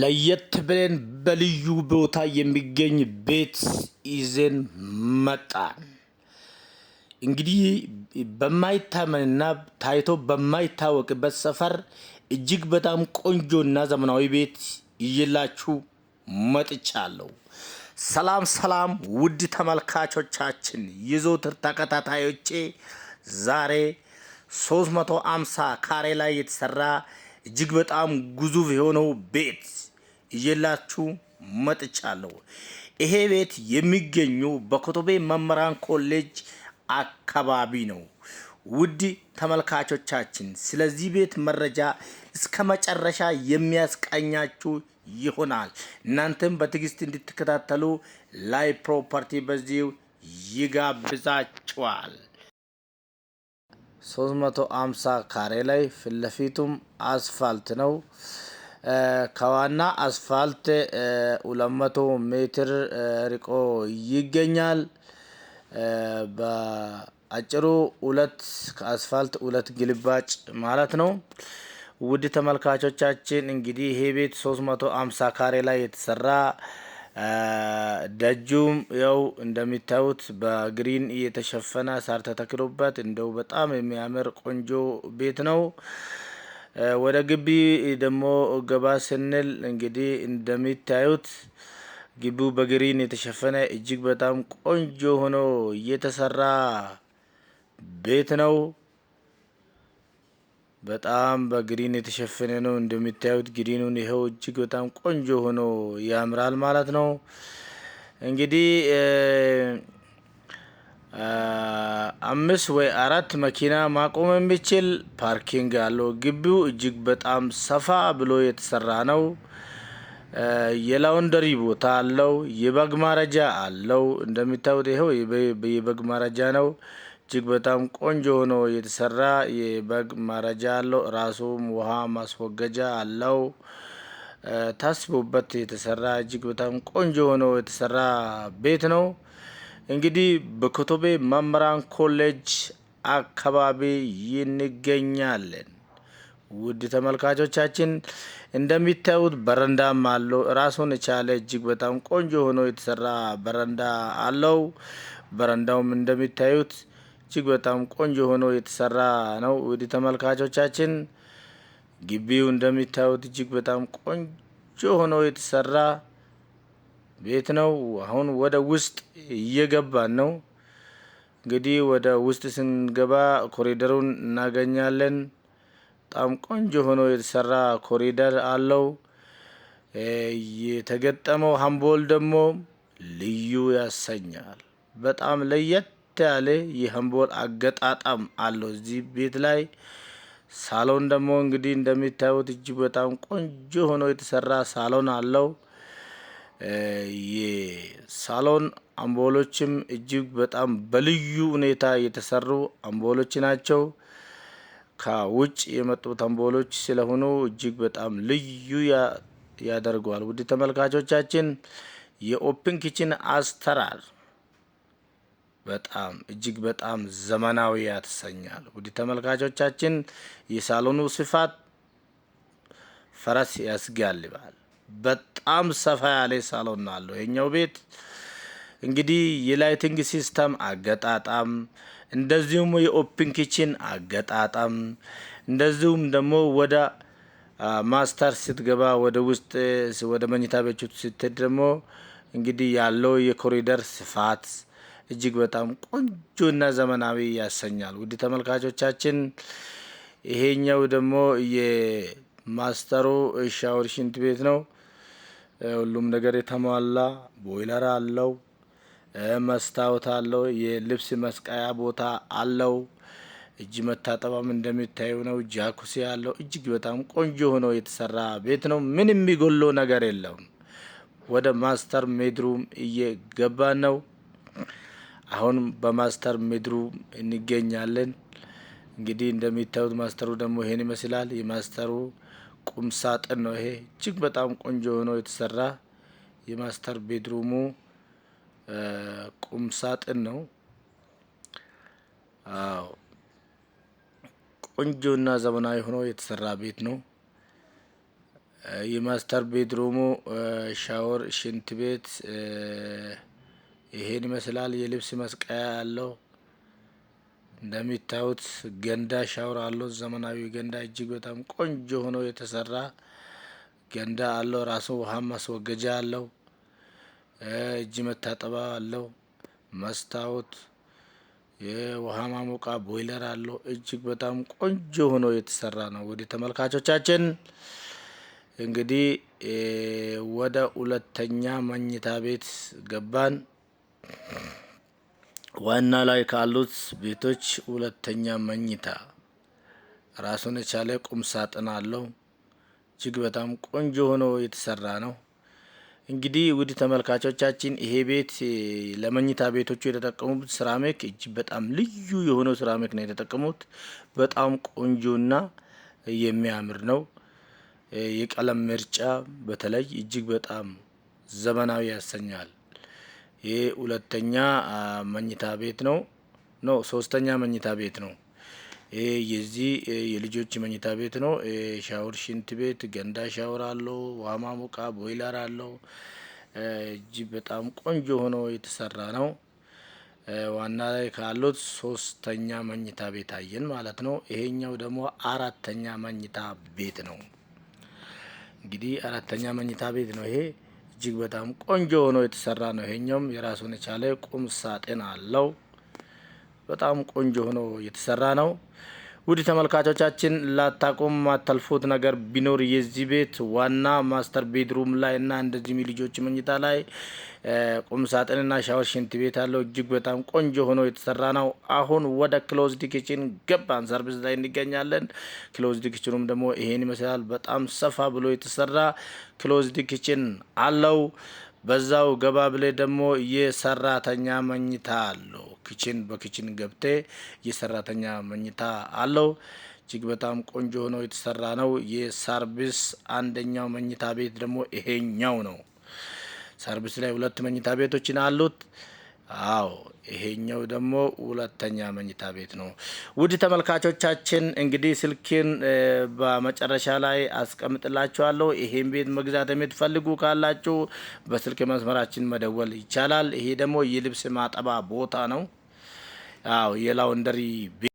ለየት ብለን በልዩ ቦታ የሚገኝ ቤት ይዘን መጣን። እንግዲህ በማይታመንና ታይቶ በማይታወቅበት ሰፈር እጅግ በጣም ቆንጆና ዘመናዊ ቤት ይዤላችሁ መጥቻለሁ። ሰላም ሰላም፣ ውድ ተመልካቾቻችን የዘወትር ተከታታዮቼ ዛሬ 350 ካሬ ላይ የተሰራ እጅግ በጣም ግዙፍ የሆነው ቤት እየላችሁ መጥቻለሁ። ይሄ ቤት የሚገኘው በኮተቤ መምህራን ኮሌጅ አካባቢ ነው። ውድ ተመልካቾቻችን ስለዚህ ቤት መረጃ እስከ መጨረሻ የሚያስቃኛችሁ ይሆናል። እናንተም በትዕግስት እንድትከታተሉ ላይ ፕሮፐርቲ በዚሁ ይጋብዛችኋል። 350 ካሬ ላይ ፊትለፊቱም አስፋልት ነው። ከዋና አስፋልት 200 ሜትር ርቆ ይገኛል። በአጭሩ ሁለት ከአስፋልት ሁለት ግልባጭ ማለት ነው። ውድ ተመልካቾቻችን እንግዲህ ይሄ ቤት 350 ካሬ ላይ የተሰራ ደጁም ያው እንደሚታዩት በግሪን የተሸፈነ ሳር ተተክሎበት እንደው በጣም የሚያምር ቆንጆ ቤት ነው። ወደ ግቢ ደግሞ ገባ ስንል እንግዲህ እንደሚታዩት ግቢው በግሪን የተሸፈነ እጅግ በጣም ቆንጆ ሆኖ እየተሰራ ቤት ነው። በጣም በግሪን የተሸፈነ ነው። እንደምታዩት ግሪኑን ይኸው እጅግ በጣም ቆንጆ ሆኖ ያምራል ማለት ነው። እንግዲህ አምስት ወይ አራት መኪና ማቆም የሚችል ፓርኪንግ አለው። ግቢው እጅግ በጣም ሰፋ ብሎ የተሰራ ነው። የላውንደሪ ቦታ አለው። የበግ ማረጃ አለው። እንደሚታዩት ይኸው የበግ ማረጃ ነው። እጅግ በጣም ቆንጆ ሆኖ የተሰራ የበግ ማረጃ አለው። ራሱም ውሃ ማስወገጃ አለው። ታስቦበት የተሰራ እጅግ በጣም ቆንጆ ሆኖ የተሰራ ቤት ነው። እንግዲህ በኮቶቤ መምህራን ኮሌጅ አካባቢ ይንገኛለን። ውድ ተመልካቾቻችን እንደሚታዩት በረንዳም አለው። ራሱን የቻለ እጅግ በጣም ቆንጆ ሆኖ የተሰራ በረንዳ አለው። በረንዳውም እንደሚታዩት እጅግ በጣም ቆንጆ ሆኖ የተሰራ ነው። ውድ ተመልካቾቻችን ግቢው እንደሚታዩት እጅግ በጣም ቆንጆ ሆኖ የተሰራ ቤት ነው። አሁን ወደ ውስጥ እየገባን ነው። እንግዲህ ወደ ውስጥ ስንገባ ኮሪደሩን እናገኛለን። በጣም ቆንጆ ሆኖ የተሰራ ኮሪደር አለው። የተገጠመው ሀምቦል ደግሞ ልዩ ያሰኛል። በጣም ለየት ያለ የሀምቦል አገጣጣም አለው እዚህ ቤት ላይ። ሳሎን ደግሞ እንግዲህ እንደሚታዩት እጅግ በጣም ቆንጆ ሆኖ የተሰራ ሳሎን አለው። የሳሎን አምቦሎችም እጅግ በጣም በልዩ ሁኔታ የተሰሩ አምቦሎች ናቸው። ከውጭ የመጡት አምቦሎች ስለሆኑ እጅግ በጣም ልዩ ያደርገዋል። ውድ ተመልካቾቻችን የኦፕን ኪችን አስተራር በጣም እጅግ በጣም ዘመናዊ ያሰኛል። ውድ ተመልካቾቻችን የሳሎኑ ስፋት ፈረስ ያስጋልባል። በጣም ሰፋ ያለ ሳሎን አለው የኛው ቤት። እንግዲህ የላይቲንግ ሲስተም አገጣጣም እንደዚሁም የኦፕን ኪችን አገጣጣም እንደዚሁም ደግሞ ወደ ማስተር ስትገባ ወደ ውስጥ ወደ መኝታ ቤቱ ስትሄድ ደግሞ እንግዲህ ያለው የኮሪደር ስፋት እጅግ በጣም ቆንጆና ዘመናዊ ያሰኛል። ውድ ተመልካቾቻችን ይሄኛው ደግሞ የማስተሩ ሻወር ሽንት ቤት ነው። ሁሉም ነገር የተሟላ ቦይለር አለው፣ መስታወት አለው፣ የልብስ መስቀያ ቦታ አለው። እጅ መታጠባም እንደሚታየው ነው። ጃኩሲ አለው እጅግ በጣም ቆንጆ ሆኖ የተሰራ ቤት ነው። ምን የሚጎለው ነገር የለውም። ወደ ማስተር ሜድሩም እየገባ ነው። አሁን በማስተር ምድሩ እንገኛለን። እንግዲህ እንደሚታዩት ማስተሩ ደግሞ ይሄን ይመስላል። የማስተሩ ቁም ሳጥን ነው ይሄ እጅግ በጣም ቆንጆ ሆኖ የተሰራ የማስተር ቤድሩሙ ቁም ሳጥን ነው። አዎ ቆንጆና ዘመናዊ ሆኖ የተሰራ ቤት ነው። የማስተር ቤድሩሙ ሻወር፣ ሽንት ቤት ይሄን ይመስላል። የልብስ መስቀያ ያለው እንደሚታዩት ገንዳ ሻወር አለው። ዘመናዊ ገንዳ እጅግ በጣም ቆንጆ ሆኖ የተሰራ ገንዳ አለው። ራሱ ውሃ ማስወገጃ አለው። እጅ መታጠባ አለው። መስታወት፣ የውሃ ማሞቃ ቦይለር አለው። እጅግ በጣም ቆንጆ ሆኖ የተሰራ ነው። ወደ ተመልካቾቻችን እንግዲህ ወደ ሁለተኛ መኝታ ቤት ገባን። ዋና ላይ ካሉት ቤቶች ሁለተኛ መኝታ ራሱን የቻለ ቁም ሳጥን አለው። እጅግ በጣም ቆንጆ ሆኖ የተሰራ ነው። እንግዲህ ውድ ተመልካቾቻችን ይሄ ቤት ለመኝታ ቤቶቹ የተጠቀሙት ስራሜክ እጅግ በጣም ልዩ የሆነው ስራሜክ ነው የተጠቀሙት። በጣም ቆንጆና የሚያምር ነው። የቀለም ምርጫ በተለይ እጅግ በጣም ዘመናዊ ያሰኛል። ይሄ ሁለተኛ መኝታ ቤት ነው። ኖ ሶስተኛ መኝታ ቤት ነው። የዚህ የልጆች መኝታ ቤት ነው። ሻወር፣ ሽንት ቤት፣ ገንዳ ሻወር አለው። ውሃ ማሞቃ ቦይለር አለው። እጅግ በጣም ቆንጆ ሆኖ የተሰራ ነው። ዋና ላይ ካሉት ሶስተኛ መኝታ ቤት አየን ማለት ነው። ይሄኛው ደግሞ አራተኛ መኝታ ቤት ነው። እንግዲህ አራተኛ መኝታ ቤት ነው ይሄ። እጅግ በጣም ቆንጆ ሆኖ የተሰራ ነው። ይሄኛውም የራሱን የቻለ ቁም ሳጥን አለው። በጣም ቆንጆ ሆኖ የተሰራ ነው። ውድ ተመልካቾቻችን ላታቆም ማታልፎት ነገር ቢኖር የዚህ ቤት ዋና ማስተር ቤድሩም ላይ እና እንደዚህም ልጆች መኝታ ላይ ቁም ሳጥንና ሻወር ሽንት ቤት አለው። እጅግ በጣም ቆንጆ ሆኖ የተሰራ ነው። አሁን ወደ ክሎዝድ ኪችን ገባን። ሰርቪስ ላይ እንገኛለን። ክሎዝድ ኪችኑም ደግሞ ይሄን ይመስላል። በጣም ሰፋ ብሎ የተሰራ ክሎዝድ ኪችን አለው። በዛው ገባብሌ ደግሞ የሰራተኛ መኝታ አለው። ክችን በክችን ገብቴ የሰራተኛ መኝታ አለው። እጅግ በጣም ቆንጆ ሆኖ የተሰራ ነው። የሰርቪስ አንደኛው መኝታ ቤት ደግሞ ይሄኛው ነው። ሰርቪስ ላይ ሁለት መኝታ ቤቶችን አሉት። አዎ ይሄኛው ደግሞ ሁለተኛ መኝታ ቤት ነው። ውድ ተመልካቾቻችን እንግዲህ ስልኬን በመጨረሻ ላይ አስቀምጥላችኋለሁ። ይሄን ቤት መግዛት የምትፈልጉ ካላችሁ በስልክ መስመራችን መደወል ይቻላል። ይሄ ደግሞ የልብስ ማጠባ ቦታ ነው። አዎ የላውንደሪ